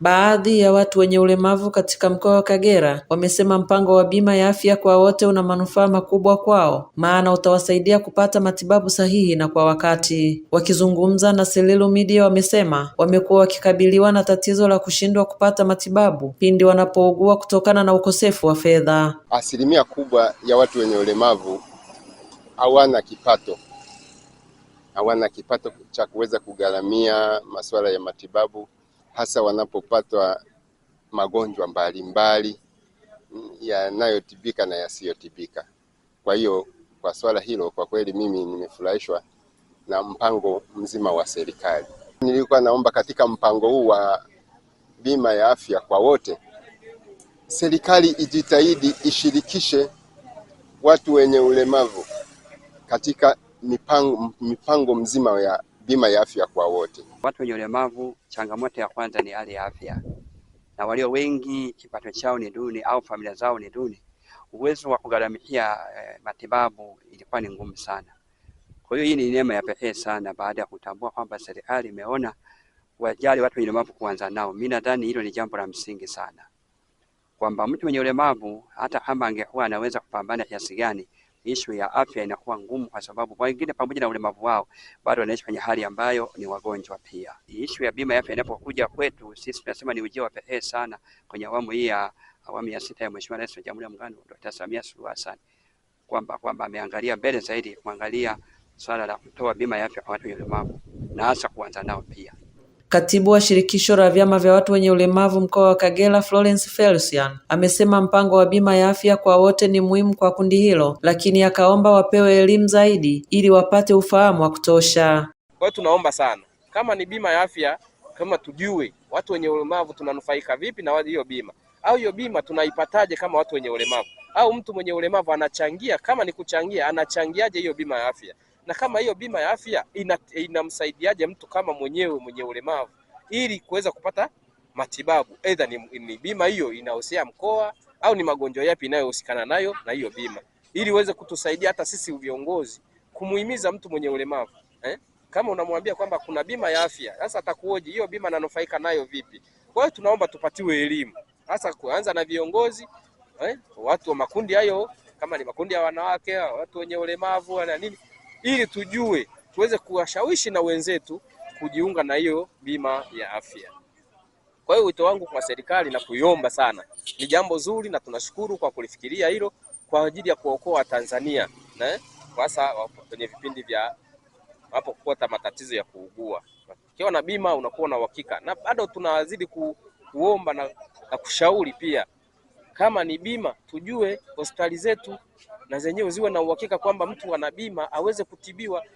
Baadhi ya watu wenye ulemavu katika mkoa wa Kagera wamesema mpango wa bima ya afya kwa wote una manufaa makubwa kwao, maana utawasaidia kupata matibabu sahihi na kwa wakati. Wakizungumza na Selilu Media, wamesema wamekuwa wakikabiliwa na tatizo la kushindwa kupata matibabu pindi wanapougua kutokana na ukosefu wa fedha. Asilimia kubwa ya watu wenye ulemavu hawana kipato, hawana kipato cha kuweza kugharamia masuala ya matibabu hasa wanapopatwa magonjwa mbalimbali yanayotibika na yasiyotibika. Kwa hiyo kwa swala hilo, kwa kweli mimi nimefurahishwa na mpango mzima wa serikali. Nilikuwa naomba katika mpango huu wa bima ya afya kwa wote, serikali ijitahidi ishirikishe watu wenye ulemavu katika mipango, mipango mzima ya bima ya afya kwa wote. Watu wenye ulemavu, changamoto ya kwanza ni hali ya afya, na walio wengi kipato chao ni duni au familia zao ni duni, uwezo wa kugharamikia eh, matibabu ilikuwa ni ngumu sana. Kwa hiyo hii ni neema ya pekee sana, baada ya kutambua kwamba serikali imeona wajali watu wenye ulemavu kuanza nao. Mimi nadhani hilo ni jambo la msingi sana, kwamba mtu mwenye ulemavu hata kama angekuwa anaweza kupambana kiasi gani ishu ya afya inakuwa ngumu, kwa sababu wengine pamoja na ulemavu wao bado wanaishi kwenye hali ambayo ni wagonjwa pia. Ishu ya bima ya afya inapokuja kwetu sisi tunasema ni ujio wa pekee sana kwenye awamu hii ya awamu ya sita ya Mheshimiwa Rais wa Jamhuri ya Muungano Dr. Samia Suluhu Hassan, kwamba kwamba ameangalia mbele zaidi kuangalia swala la kutoa bima ya afya kwa watu wenye ulemavu na hasa kuanza nao pia. Katibu wa shirikisho la vyama vya watu wenye ulemavu mkoa wa Kagera, Florence Felsian, amesema mpango wa bima ya afya kwa wote ni muhimu kwa kundi hilo, lakini akaomba wapewe elimu zaidi ili wapate ufahamu wa kutosha. Kwa hiyo tunaomba sana, kama ni bima ya afya, kama tujue watu wenye ulemavu tunanufaika vipi na hiyo bima, au hiyo bima tunaipataje kama watu wenye ulemavu, au mtu mwenye ulemavu anachangia, kama ni kuchangia, anachangiaje hiyo bima ya afya? na kama hiyo bima ya afya inamsaidiaje ina mtu kama mwenyewe mwenye ulemavu ili kuweza kupata matibabu, aidha ni, ni bima hiyo inahusia mkoa au ni magonjwa yapi inayohusikana nayo na hiyo bima, ili uweze kutusaidia hata sisi viongozi kumuhimiza mtu mwenye ulemavu eh? Kama unamwambia kwamba kuna bima ya afya, sasa atakuoje hiyo bima nanufaika nayo vipi? Kwa hiyo tunaomba tupatiwe elimu hasa kuanza na viongozi eh? watu wa makundi hayo, kama ni makundi ya wanawake, watu wenye ulemavu na nini ili tujue tuweze kuwashawishi na wenzetu kujiunga na hiyo bima ya afya. Kwa hiyo wito wangu kwa serikali na kuiomba sana, ni jambo zuri na tunashukuru kwa kulifikiria hilo kwa ajili ya kuokoa Tanzania ne? Eh, sasa kwenye vipindi vya hapo kupata matatizo ya kuugua. Ukiwa na bima unakuwa na uhakika, na bado tunazidi ku, kuomba na, na kushauri pia, kama ni bima tujue hospitali zetu na zenyewe ziwe na uhakika kwamba mtu ana bima aweze kutibiwa